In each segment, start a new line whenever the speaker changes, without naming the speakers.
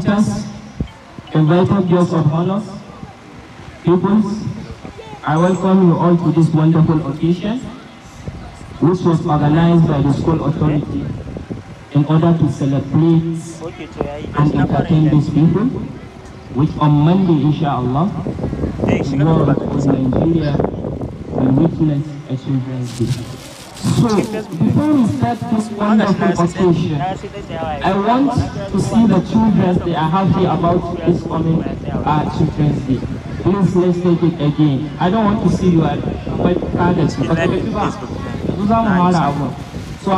teachers, invited guests of honor, pupils, I welcome you all to this wonderful occasion, which was organized by the school authority in order to celebrate and entertain these people, which on Monday, inshallah, the world of Nigeria will witness a children's day this wonderful occasion. I want to see the children, they are happy about this coming uh, Children's Day. Please, let's take it again. I don't want to see you at wet targets. so are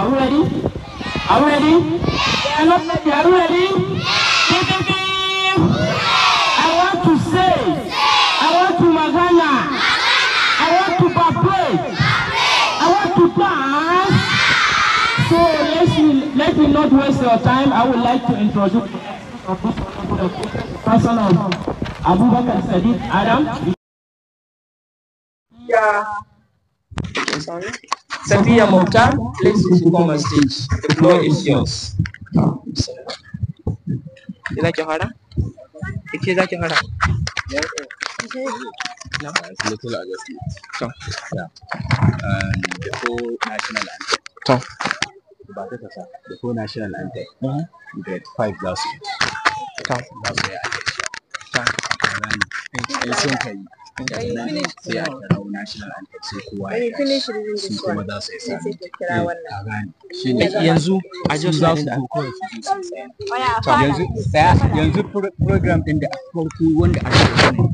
we ready? Are we ready? are not ready. Are we ready? Yeah. Let me not waste your time. I would like to introduce the person of Abu Sadiq Adam. Yeah. Sorry. Safiya Mokhtar, please come on stage. The floor is yours. Is that your hara? Is that your hara? No. Little adjustment. Come. Yeah. Um, the whole national anthem. Come. ba ta kasa da ko national anthem grade 5 za su yi ta za su yi ta sun kai sai a kirawo national anthem sai kowa ya su kuma za su yi sami a eh, shi ne yanzu a jin za su yanzu program ɗin da farko wanda aka yi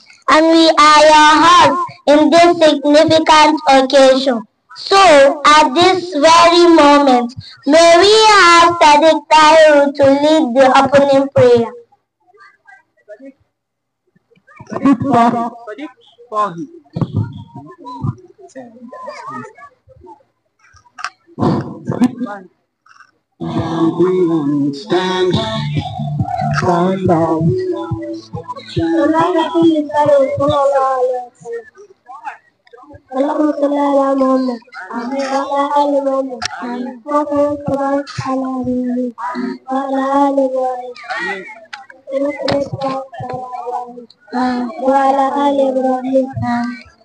and we are your house in this significant occasion. So, at this very moment, may we ask Sadiq Tahiru to lead the opening prayer. Sadiq can't we understand? Can't we understand? Wala ala ibrahim wala ala ibrahim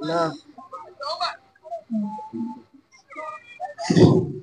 Love. Thank you.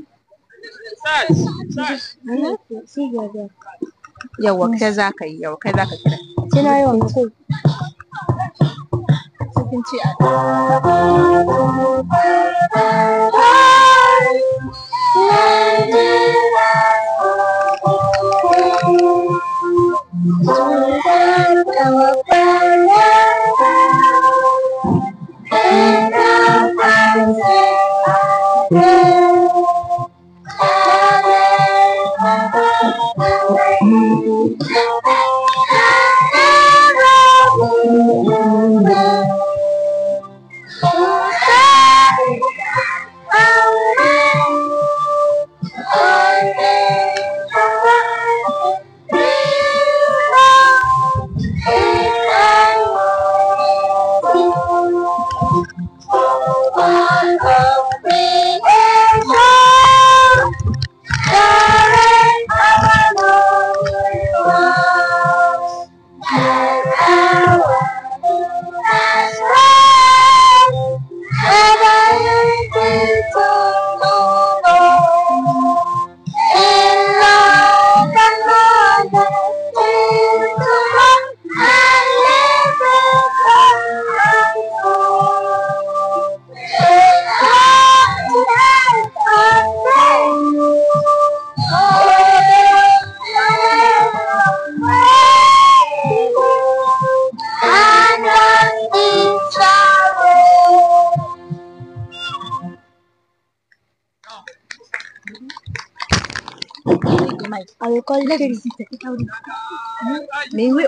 yawa kai za ka yi yawa kai za ka kira kina mutum cikin ci a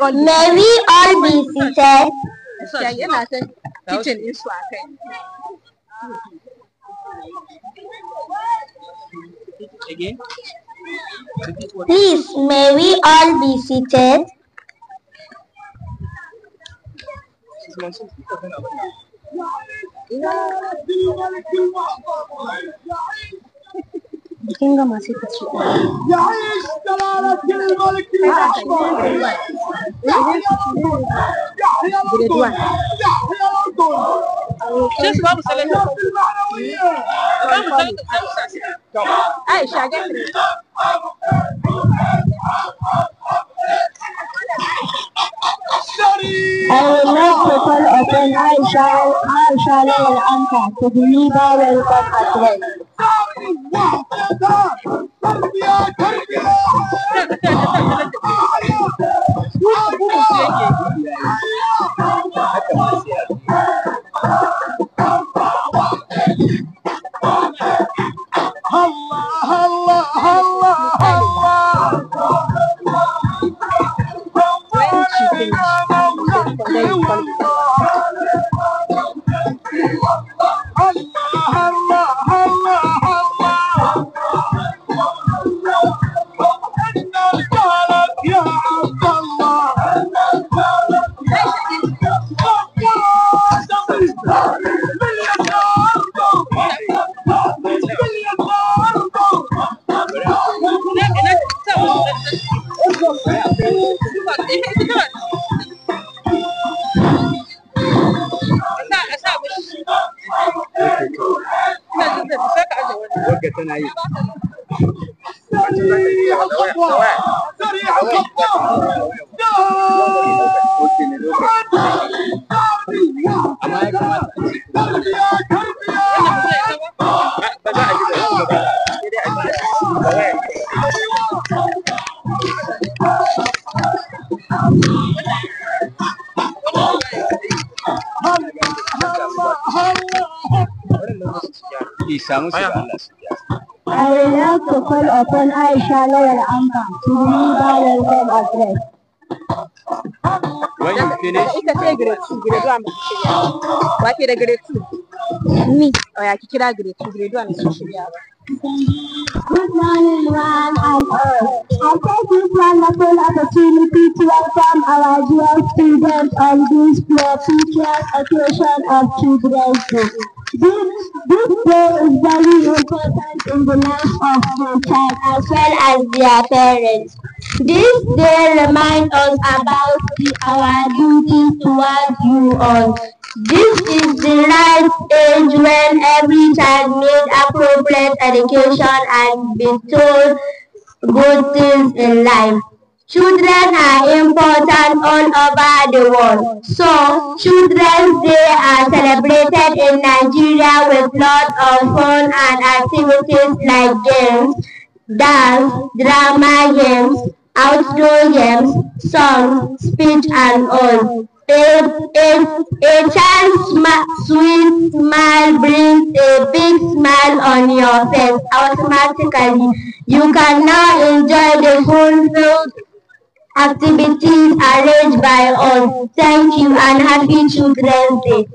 all May we all be seated. Again. Please, may we all be seated. Kinga masih de Duana. Gente, vamos celebrar. I will not I shall, I shall will anchor, to deliver welcome at rest. samu musu da Allah su I would like to call upon Aisha Lawal Amba to read our of address. When you finish? Ita ce grade 2, grade shirya. da grade two? Ni Oya ki kira grade two, grade 1 mutu shirya ba. Good morning, uh, one and all. I for this wonderful opportunity to welcome our dear students on this class occasion of Children's Day. This, this day is very important in the life of the child as well as their parents. This day reminds us about the, our duty towards you all. This is the right age when every child needs appropriate education and be told good things in life. Children are important all over the world. So, Children's Day are celebrated in Nigeria with lots of fun and activities like games, dance, drama games, outdoor games, songs, speech and all. A, a, a child's smi sweet smile brings a big smile on your face automatically. You can now enjoy the fulfilled activities arranged by us. Thank you and happy Children's Day.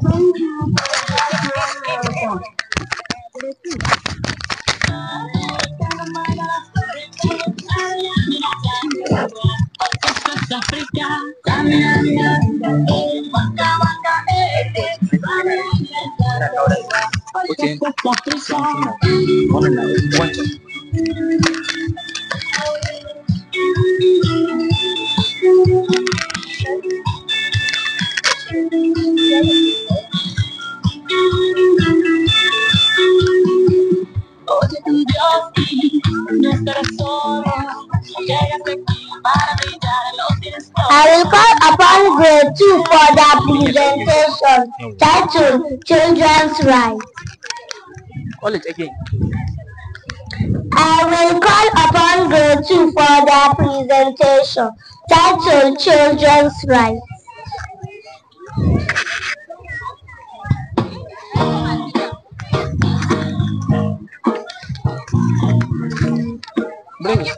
Thank you. por I will call upon grade two for the presentation titled Children's Rights. Call it again. I will call upon grade two for the presentation titled Children's Rights. Bring it.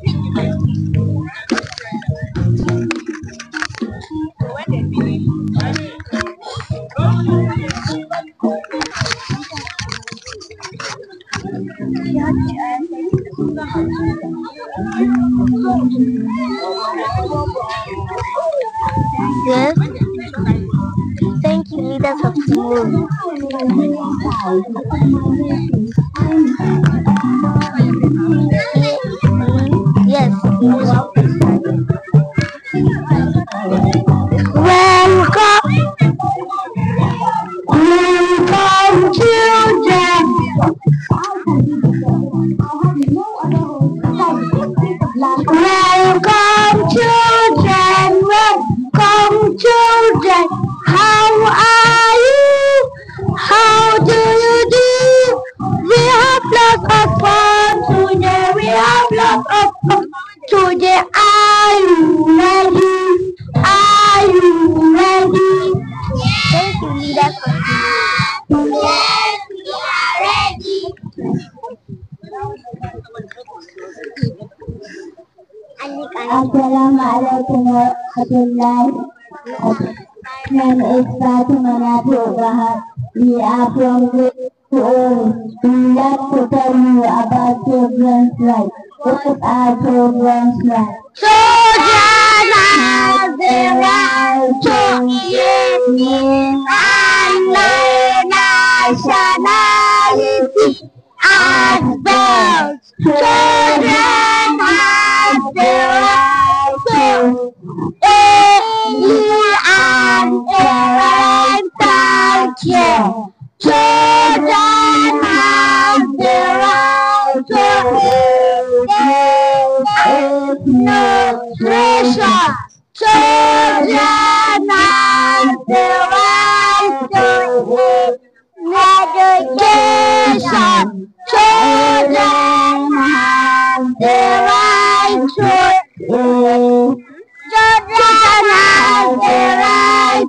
Thank you, leaders of the Oh. name is Fatima Nabi We are from Great to Old. We like to tell you about children's rights. What are children's rights? Children have the right to eat and their nationality as well. Children have the right to and Aaron Children have their to nutrition. Children have to education. Children have the right to children have the right.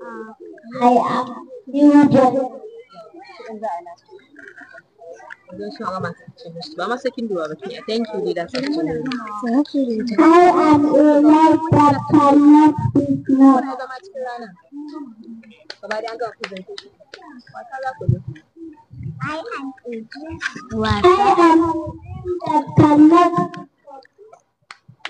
I new Thank
you, Thank you, I am a light that cannot be ignored. I am a that cannot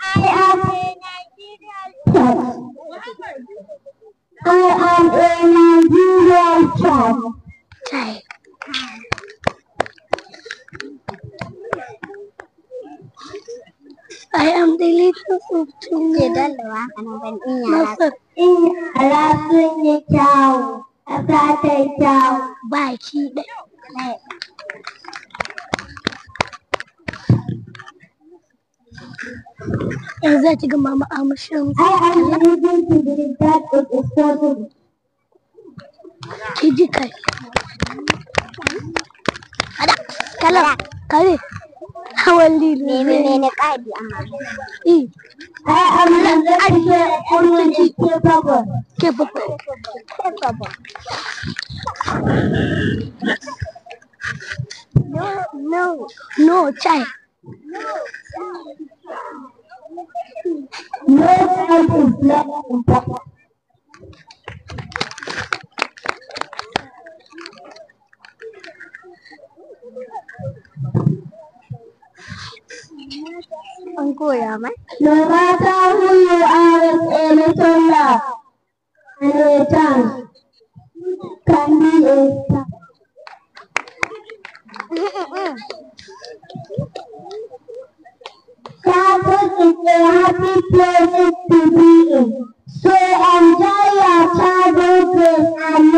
I am a Nigerian child. I am a Nigerian child. I am the little of two Most of in Alasun ya chao, a fata chao, ba shi da. yanzu za ki ga mama amashin ki ji kare kada kala kare hawan lilo ne ne ne kadi amma eh ai amma da ake kuma ki ke baba ke baba no no no child no matter who you are, a little and a can be a Cartoon is a happy place to be in. So enjoy your childhood days and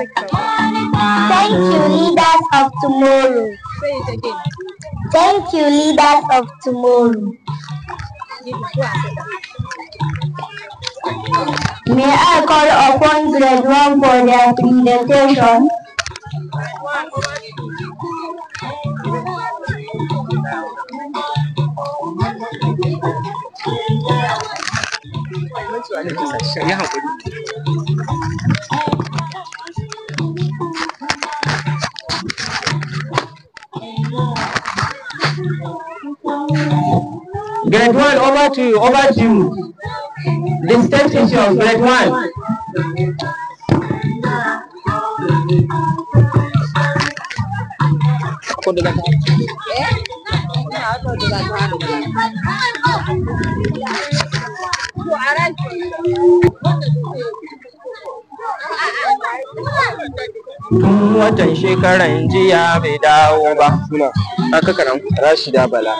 Thank you, leaders of tomorrow. Say it again. Thank you, leaders of tomorrow. May I call upon grade 1 for their presentation? Grade one, over to you, over to you. The state yours, grade one. Yeah. Tun watan shekaran jiya bai dawo ba. Suna. Aka karan Rashida Bala.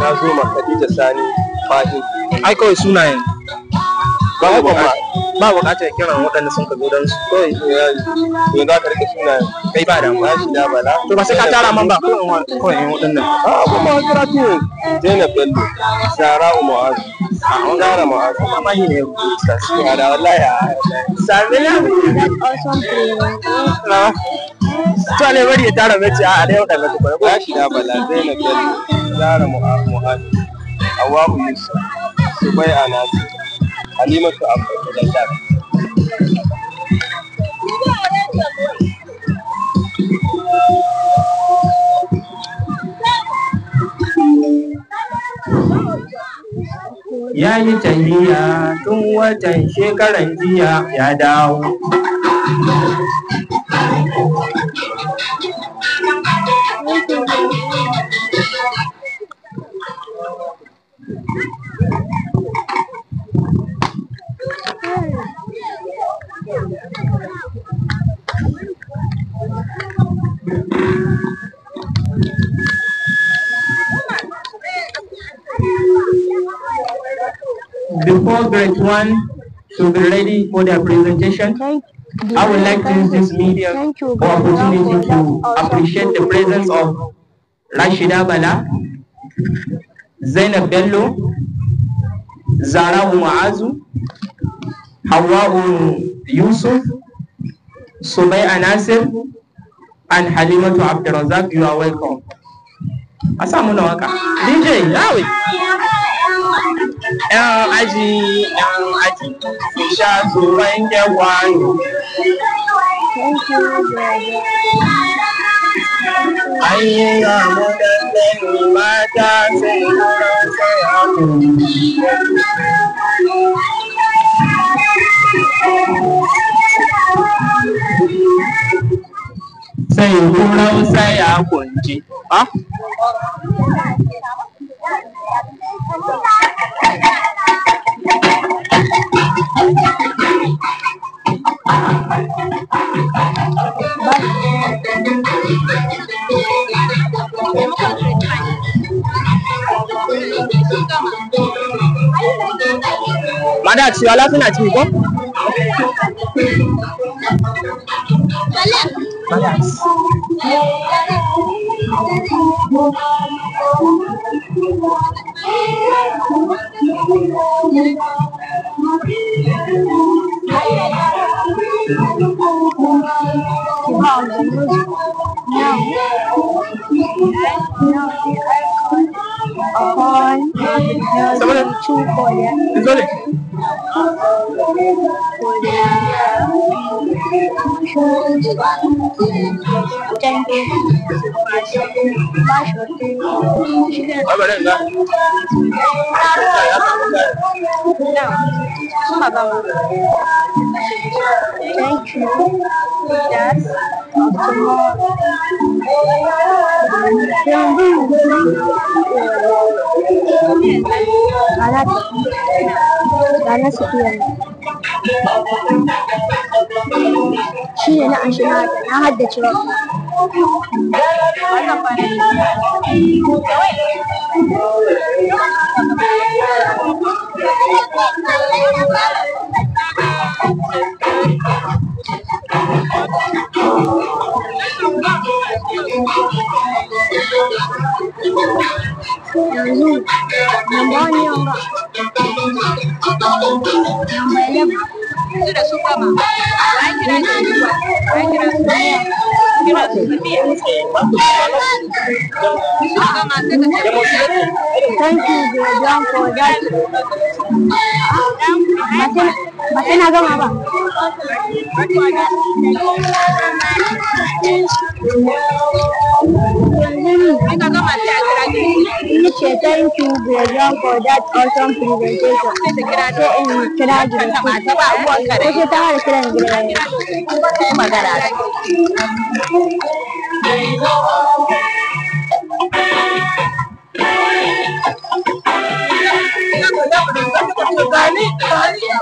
ta zo ma Khadija Sani Fahim. Ai kawai sunayen. ba ba bukatar kiran waɗanda sun ka godan su yanzu za ka suna kai ba shi da bala to ba sai ka tara man ba a kira ah, Bello Sara yi ne ga da wallahi ah, sami na to ne bari ya tara mace ah, a dai ba shi da bala Bello Sara Awabu Yusuf Subai Anasi halimatu abdullah ya yi tahiya tun watan shekaran jiya ya dawo Before grade one to be ready for their presentation, I would like to use this media or opportunity to appreciate the presence of Rashida Bala, Zainab Bello, Zara Muazu, Hawa Yusuf, Sumay Anasir, and Halimatu Abdurazak. You are welcome. a sa muna waka dj yawe yan aji yan aji sha su wanke wani
Ayi ga
mutane mata sai kuma sai sai rausa ya kunci. Mada ciwala suna ci ko? balance. Hallelujah. Thank you. t h a s o t i m a l Anak, anak n shi ne na ashirin haka na haddace wa yanzu nan ba wani yawan ba da su gama thank you dear john for that ba sai gama ba Nice, thank you, Gradian, for that awesome presentation. kira gidan ku. Ko ta hada kiran Magana.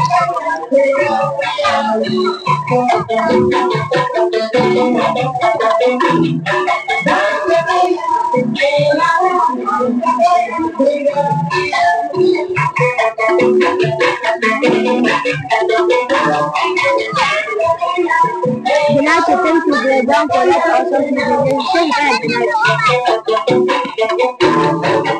Now to think to the down for it also to the same time.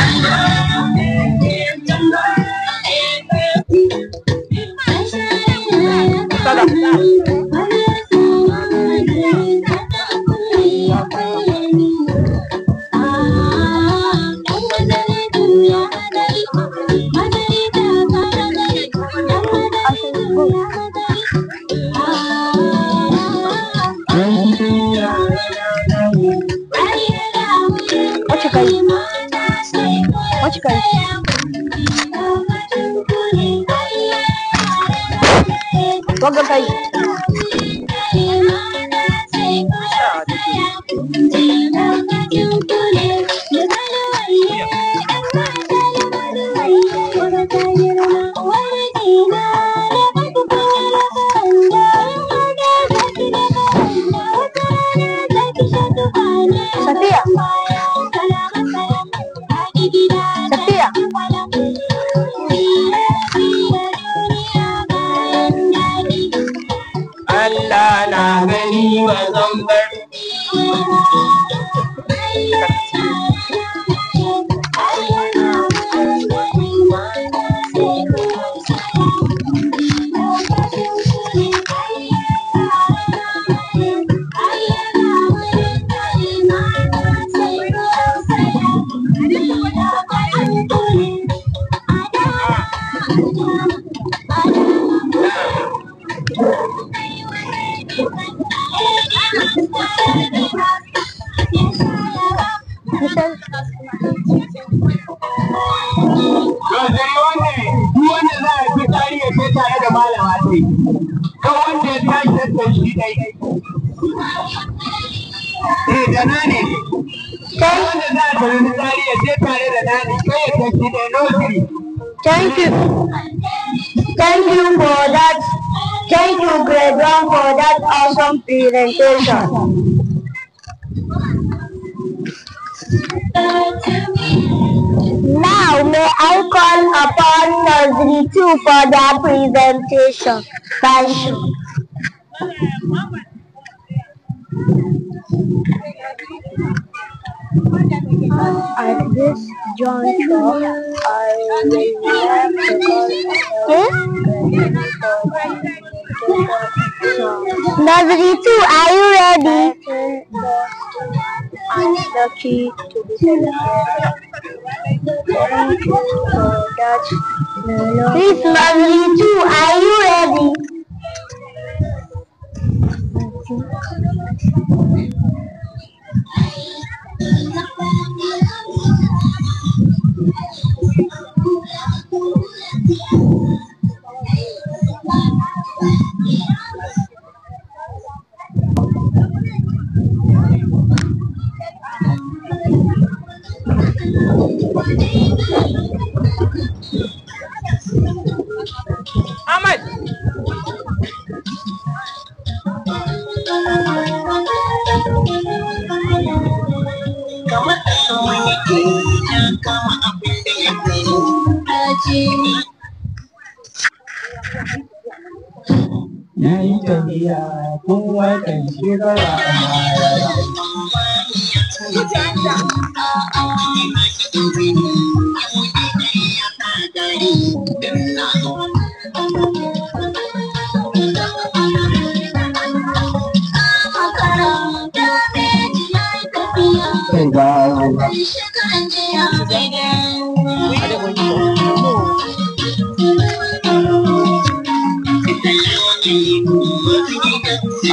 kaza What you guys? What you guys? Toca aí. Safiya. computation. Now may I call upon Nursery 2 for that presentation. Thank you.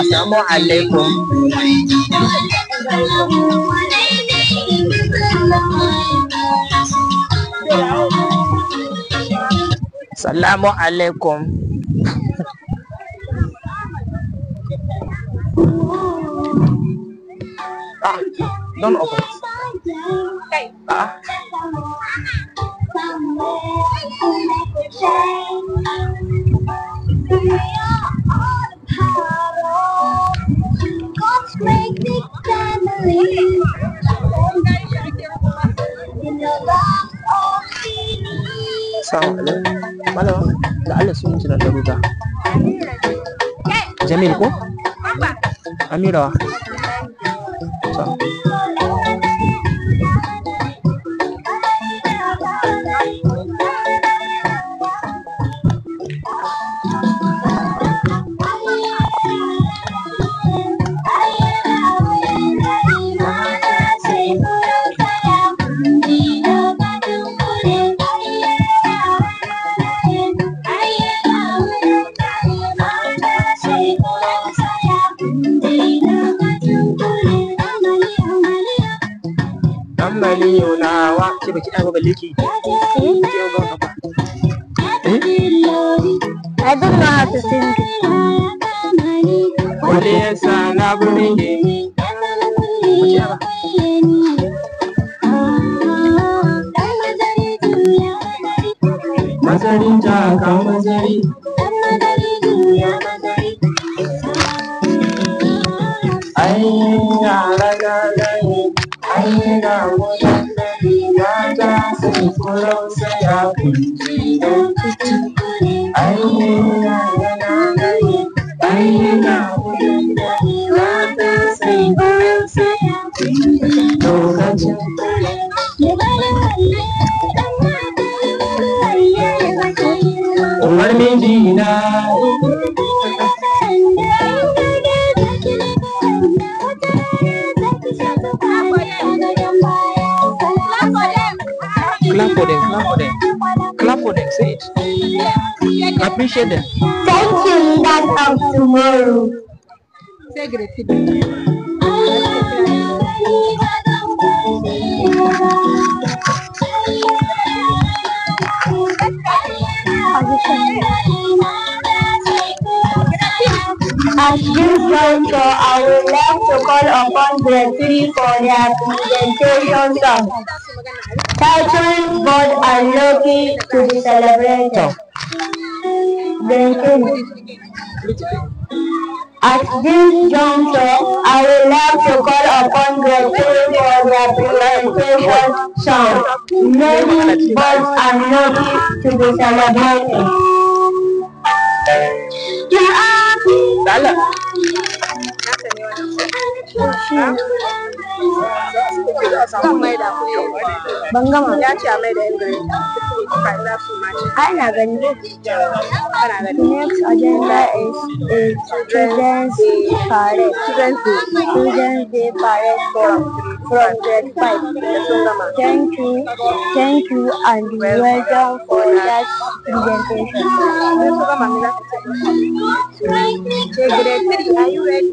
Assalamualaikum. Assalamu alaikum. Ah, don't open. Jamil ko? Amira yau nawa baki ɗaya balle ki I don't know how to sing. At this juncture, I would like to call upon the 3 for their presentation song titled God and Loki to be celebrated. Thank you. At this juncture, I would like to call upon the team for their presentation song. Many birds are noticed to be celebrated from thank you thank you and welcome for that presentation grade are you ready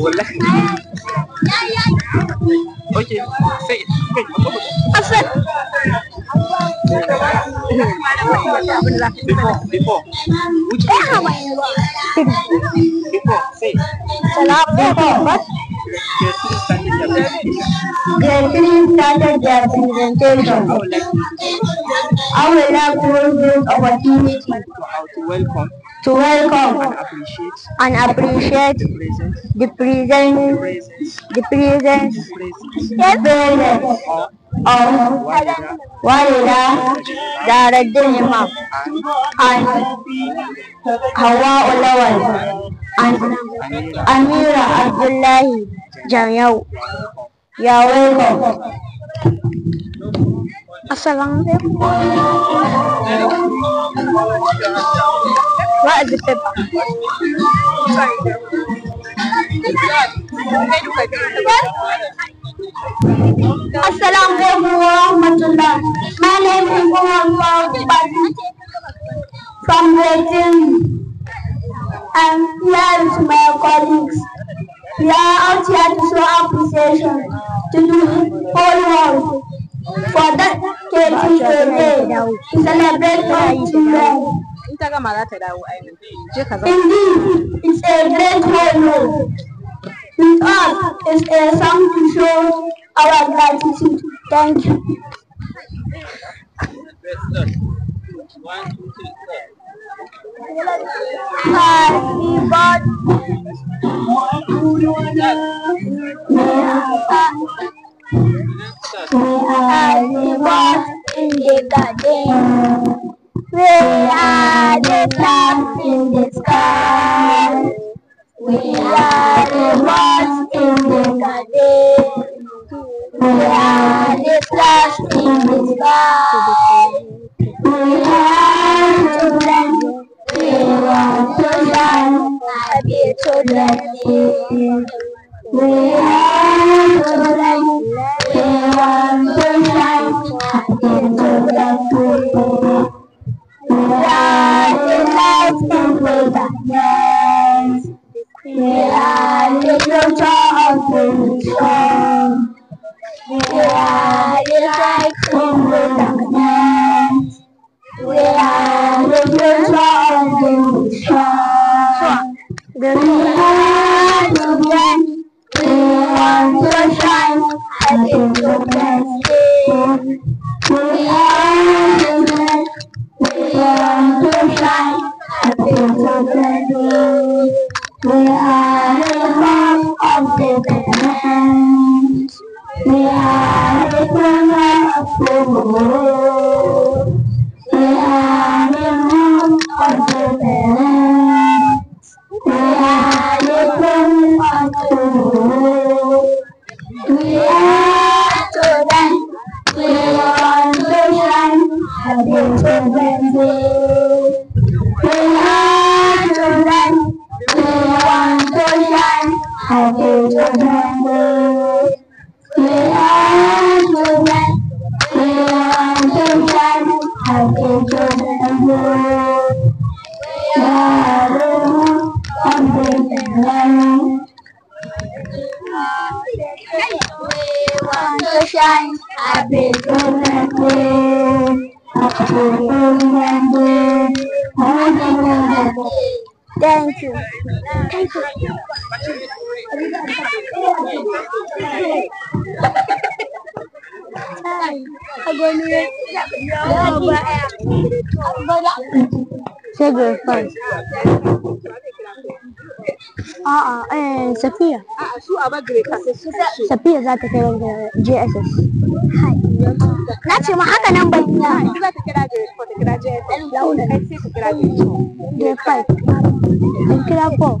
ولا اوكي سيد حسن before before which before How to welcome
to welcome and
appreciate,
and appreciate the
presence, the presence, the presence, the presence of, of Walida Daraddin Imam and Hawa Ulawal and Amira Abdullahi Jamyau. You are welcome. Assalamu alaikum. Not addicted. Assalamu alaikum My name is Muhammad from Beijing. and am here with my colleagues. We are out here to show appreciation to the whole world for that dedicated day to celebrate our children in gama za ta dawo ainihin je ka zama it's a great honor with us it's a song to show our gratitude thank you Happy birthday. want to shine. Happy Golden Day. Happy Golden Day. Happy Thank you. Thank you. Sugar first. A'a, eh Safiya. A'a, su a ka sai Safiya za ta kai JSS. Na ce ma haka nan bai na. Za ta kira ta kira JSS. kai sai kira kira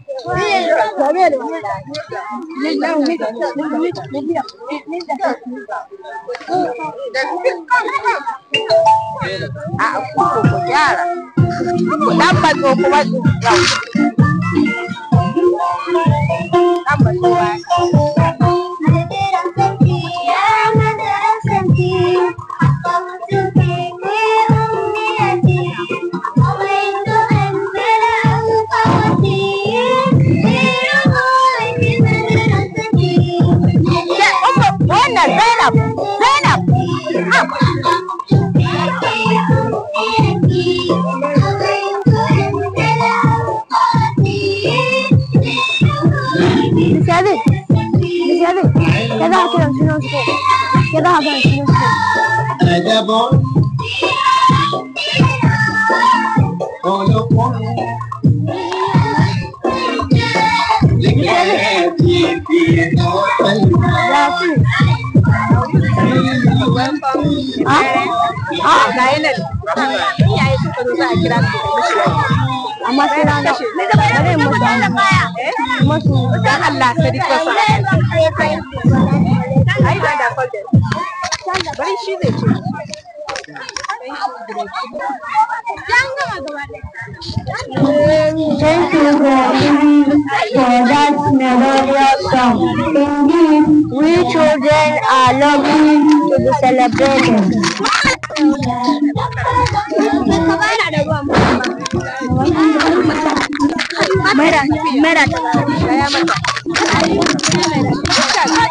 a ku Get out of here. Hey, that boy. Oh, your boy. Masih không? masih ada. Masih ada, masih ada. bari shi zai Thank you for for that memorial song. Indeed, we children are lovely to be celebrated. Mera, mera, mera.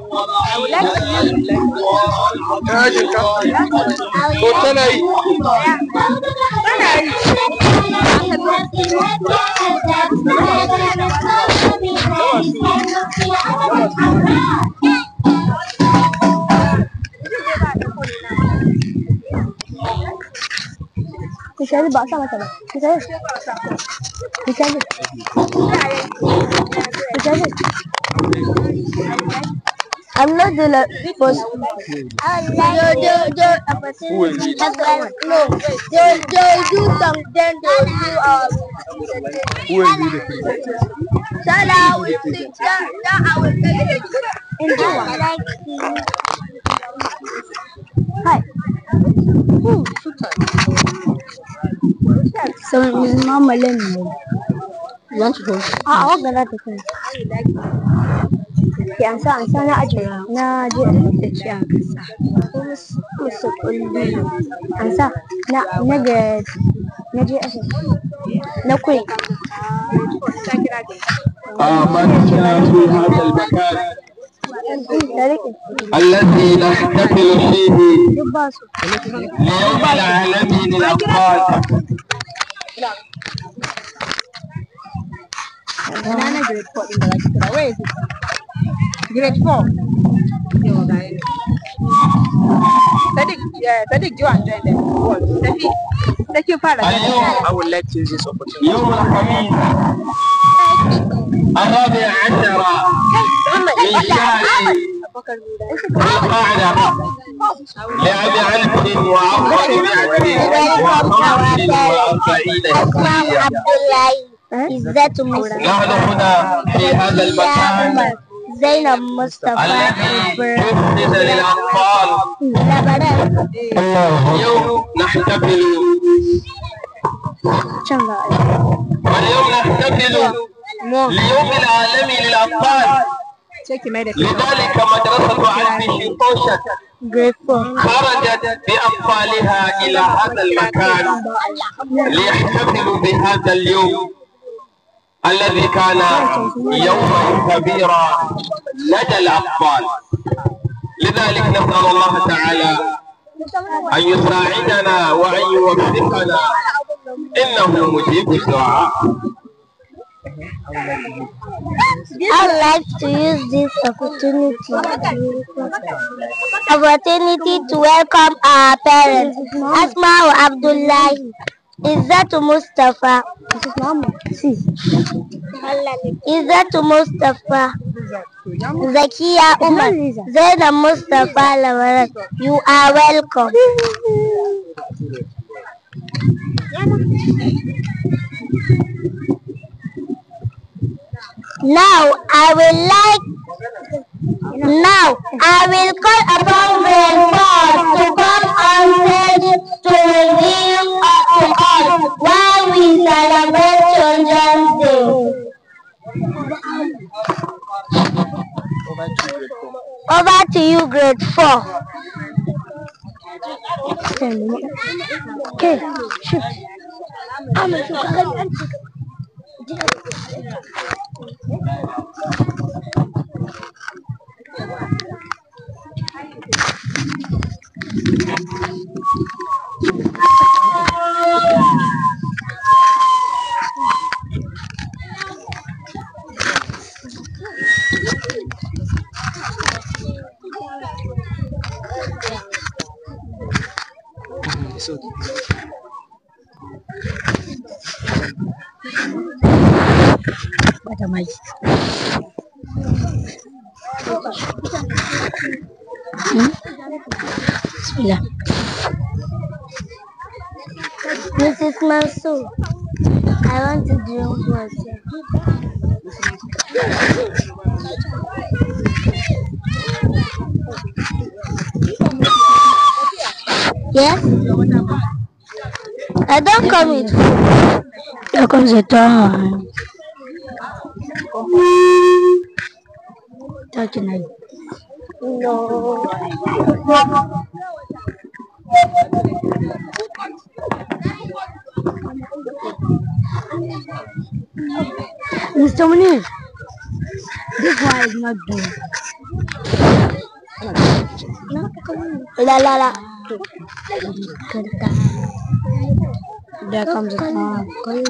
tana yi Dışarı basa bakalım. Dışarı. Dışarı. Dışarı. Dışarı. not the like, person.
They they
No, they do something. do um, Who will be the I will think. That that I will do Hi. so my mama let me. You want to go? Ah, I'll the car. ke amsa amsa na aji na je da ci a kasa musu kulli amsa na na ga na je aji na kwai آمنت في هذا المكان الذي نحتفل فيه ليوم العالمي للأطفال grade 4. Sadiq, yeah, Sadiq Joan joined the world. Sadiq, thank you, Father. I, know, I will let you use this opportunity. يوم الخميس الرابع عشر من شهر القاعدة لعام ألف وأربعمائة وخمس وأربعين هجرية عزة مصر نحن هنا في هذا المكان زينب مصطفى برز اليوم نحتفل اليوم نحتفل اليوم العالمي للأطفال لذلك مدرسة علم شنطوشة خرجت بأطفالها إلى هذا المكان ليحتفلوا بهذا اليوم الذي كان يوما كبيرا لدى الأطفال لذلك نسأل الله تعالى أن يساعدنا وأن يوفقنا إنه مجيب الدعاء I'd like to use this opportunity opportunity to welcome our parents, Asma Abdullahi, Is Mustafa. Izzatu Mustafa. Is Umar. Zainab Mustafa Lamaran. You are welcome. Now I will like now I will call upon rainforest to come on stage to reveal to us why we celebrate Children's Day. Over to you, grade 4. Okay, shoot. I'm a Bada mais. This is my soup. I want to drink water. Yes? I don't come in. food. come comes a time. Talk to Mr. Munir, this guy is not good. La la la. There comes a car. Go There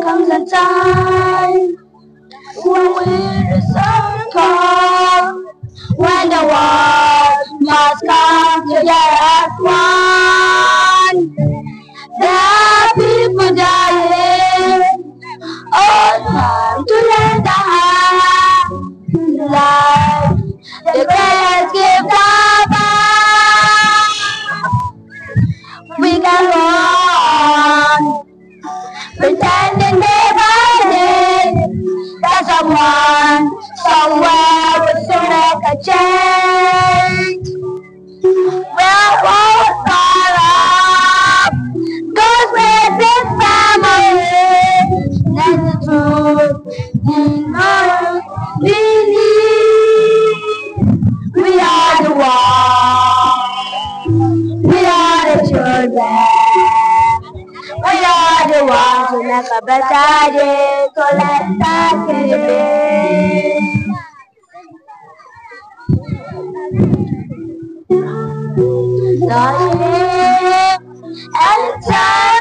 comes a time when we resolve come when the world must come together as one. come to lend a hand to life, the greatest gift of all. We can go on, pretending day by day that someone, somewhere will soon make a change. la capatare con la sacre. Dale, alzare.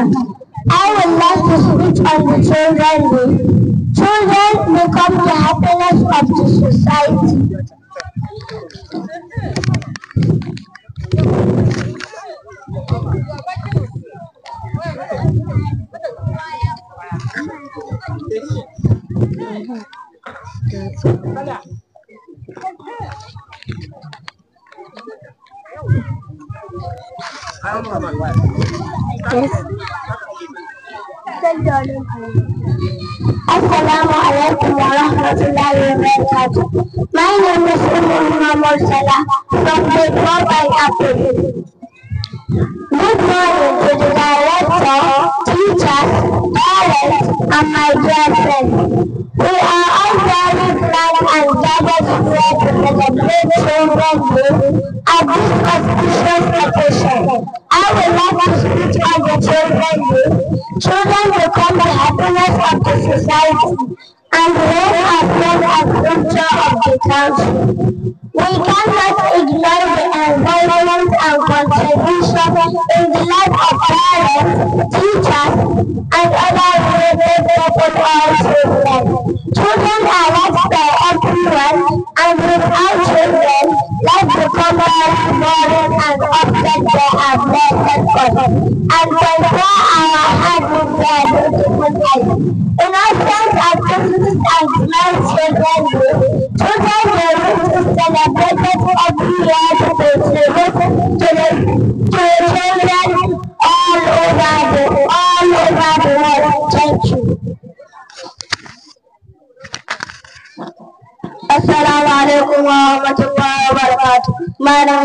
I would like to speak on the children way. Children become the happiness of the society. I don't know about what. Yes. Assalamu alaikum wa rahmatullahi wa barakatuh. My name is Umar Muhammad Salah from Grade 4 by Apple. Good morning to the director, teachers, parents, and my dear friends. We are all very glad and gathered here to celebrate Children's Day at this auspicious occasion. I would like to speak on the Children's Day. Children Yes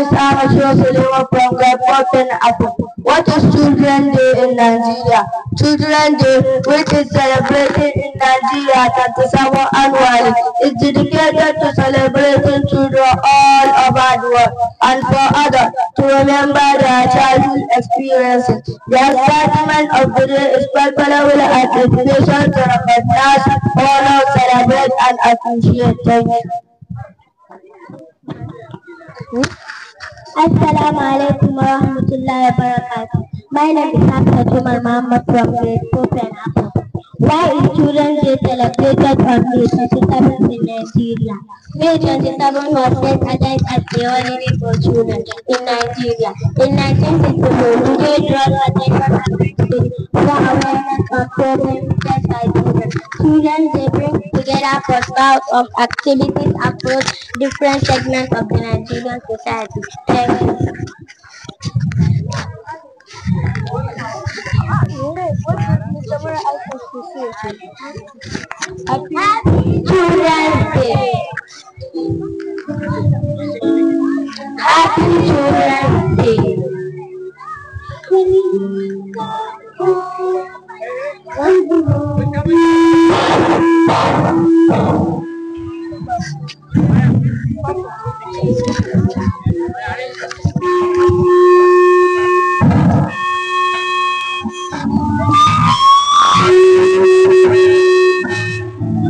times Ahmad What is Children Day in Nigeria? Children Day, which is celebrated in Nigeria 37 annually, is dedicated to celebrating children all over the world and for others to remember their childhood experiences. The excitement of the day is popular with an invitation to recognize, honor, celebrate, and appreciate. Thank you. Hmm? Assalamu alaikum wa rahmatullahi wa barakatuh. My name is Dr. Jumal Muhammad from Grade 4 Apple. Why is Children's Day celebrated on the 27th in Nigeria? May 27 was set aside as the holiday for children in Nigeria. In 1964, Mujer draws attention to the awareness of problems faced by children. Children's Day bring together for bouts of activities across different segments of the Nigerian society. Thank you. Happy Children's Day. Happy Children's Day. Thank you.